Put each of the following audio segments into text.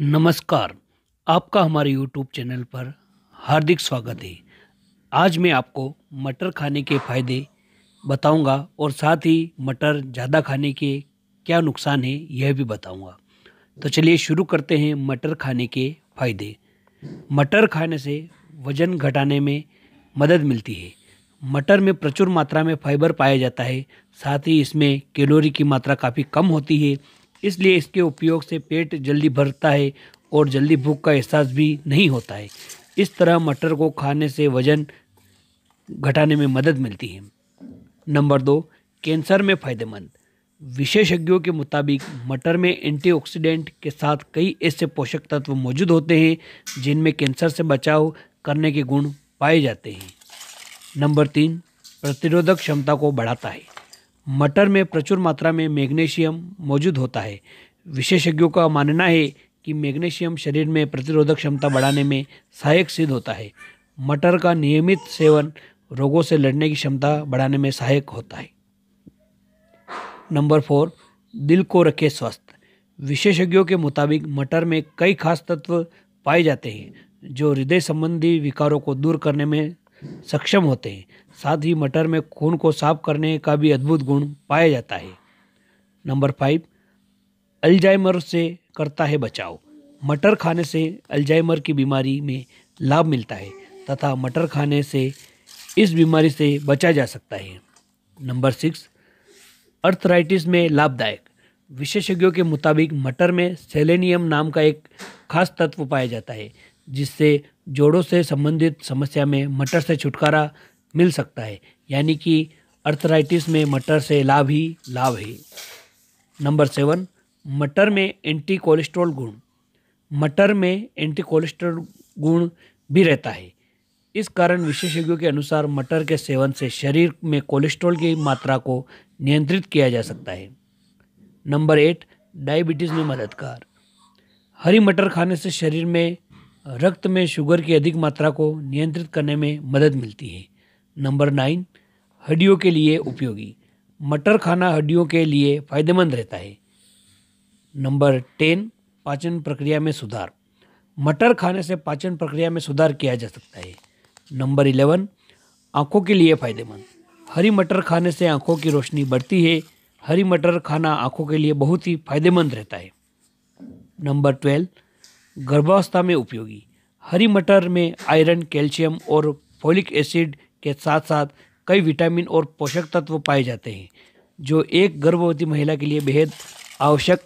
नमस्कार आपका हमारे यूट्यूब चैनल पर हार्दिक स्वागत है आज मैं आपको मटर खाने के फायदे बताऊंगा और साथ ही मटर ज़्यादा खाने के क्या नुकसान है यह भी बताऊंगा तो चलिए शुरू करते हैं मटर खाने के फायदे मटर खाने से वज़न घटाने में मदद मिलती है मटर में प्रचुर मात्रा में फाइबर पाया जाता है साथ ही इसमें कैलोरी की मात्रा काफ़ी कम होती है इसलिए इसके उपयोग से पेट जल्दी भरता है और जल्दी भूख का एहसास भी नहीं होता है इस तरह मटर को खाने से वजन घटाने में मदद मिलती है नंबर दो कैंसर में फ़ायदेमंद विशेषज्ञों के मुताबिक मटर में एंटीऑक्सीडेंट के साथ कई ऐसे पोषक तत्व मौजूद होते हैं जिनमें कैंसर से बचाव करने के गुण पाए जाते हैं नंबर तीन प्रतिरोधक क्षमता को बढ़ाता है मटर में प्रचुर मात्रा में मैग्नीशियम मौजूद होता है विशेषज्ञों का मानना है कि मैग्नीशियम शरीर में प्रतिरोधक क्षमता बढ़ाने में सहायक सिद्ध होता है मटर का नियमित सेवन रोगों से लड़ने की क्षमता बढ़ाने में सहायक होता है नंबर फोर दिल को रखे स्वस्थ विशेषज्ञों के मुताबिक मटर में कई खास तत्व पाए जाते हैं जो हृदय संबंधी विकारों को दूर करने में सक्षम होते हैं साथ ही मटर में खून को साफ करने का भी अद्भुत गुण पाया जाता है नंबर फाइव अल्जाइमर से करता है बचाव मटर खाने से अल्जाइमर की बीमारी में लाभ मिलता है तथा मटर खाने से इस बीमारी से बचा जा सकता है नंबर सिक्स अर्थराइटिस में लाभदायक विशेषज्ञों के मुताबिक मटर में सेलेनियम नाम का एक खास तत्व पाया जाता है जिससे जोड़ों से संबंधित समस्या में मटर से छुटकारा मिल सकता है यानी कि अर्थराइटिस में मटर से लाभ ही लाभ है नंबर सेवन मटर में एंटी कोलेस्ट्रॉल गुण मटर में एंटी कोलेस्ट्रॉल गुण भी रहता है इस कारण विशेषज्ञों के अनुसार मटर के सेवन से शरीर में कोलेस्ट्रॉल की मात्रा को नियंत्रित किया जा सकता है नंबर एट डायबिटीज़ में मददगार हरी मटर खाने से शरीर में रक्त में शुगर की अधिक मात्रा को नियंत्रित करने में मदद मिलती है नंबर नाइन हड्डियों के लिए उपयोगी मटर खाना हड्डियों के लिए फायदेमंद रहता है नंबर टेन पाचन प्रक्रिया में सुधार मटर खाने से पाचन प्रक्रिया में सुधार किया जा सकता है नंबर इलेवन आँखों के लिए फ़ायदेमंद हरी मटर खाने से आँखों की रोशनी बढ़ती है हरी मटर खाना आँखों के लिए बहुत ही फायदेमंद रहता है नंबर ट्वेल्व गर्भावस्था में उपयोगी हरी मटर में आयरन कैल्शियम और फोलिक एसिड के साथ साथ कई विटामिन और पोषक तत्व पाए जाते हैं जो एक गर्भवती महिला के लिए बेहद आवश्यक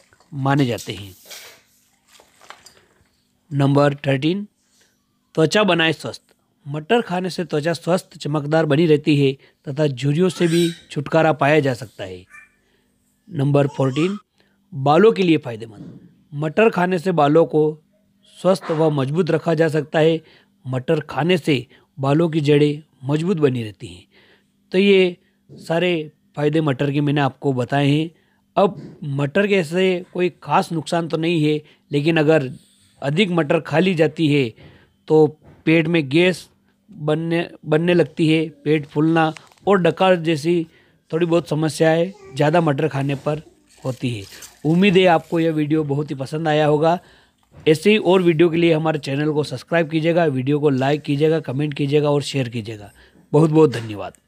माने जाते हैं नंबर थर्टीन त्वचा बनाए स्वस्थ मटर खाने से त्वचा स्वस्थ चमकदार बनी रहती है तथा झुरियों से भी छुटकारा पाया जा सकता है नंबर फोर्टीन बालों के लिए फायदेमंद मटर खाने से बालों को स्वस्थ व मजबूत रखा जा सकता है मटर खाने से बालों की जड़ें मजबूत बनी रहती हैं तो ये सारे फायदे मटर के मैंने आपको बताए हैं अब मटर के ऐसे कोई ख़ास नुकसान तो नहीं है लेकिन अगर अधिक मटर खा ली जाती है तो पेट में गैस बनने बनने लगती है पेट फूलना और डकार जैसी थोड़ी बहुत समस्याएं ज़्यादा मटर खाने पर होती है उम्मीद है आपको यह वीडियो बहुत ही पसंद आया होगा ऐसे ही और वीडियो के लिए हमारे चैनल को सब्सक्राइब कीजिएगा वीडियो को लाइक कीजिएगा कमेंट कीजिएगा और शेयर कीजिएगा बहुत बहुत धन्यवाद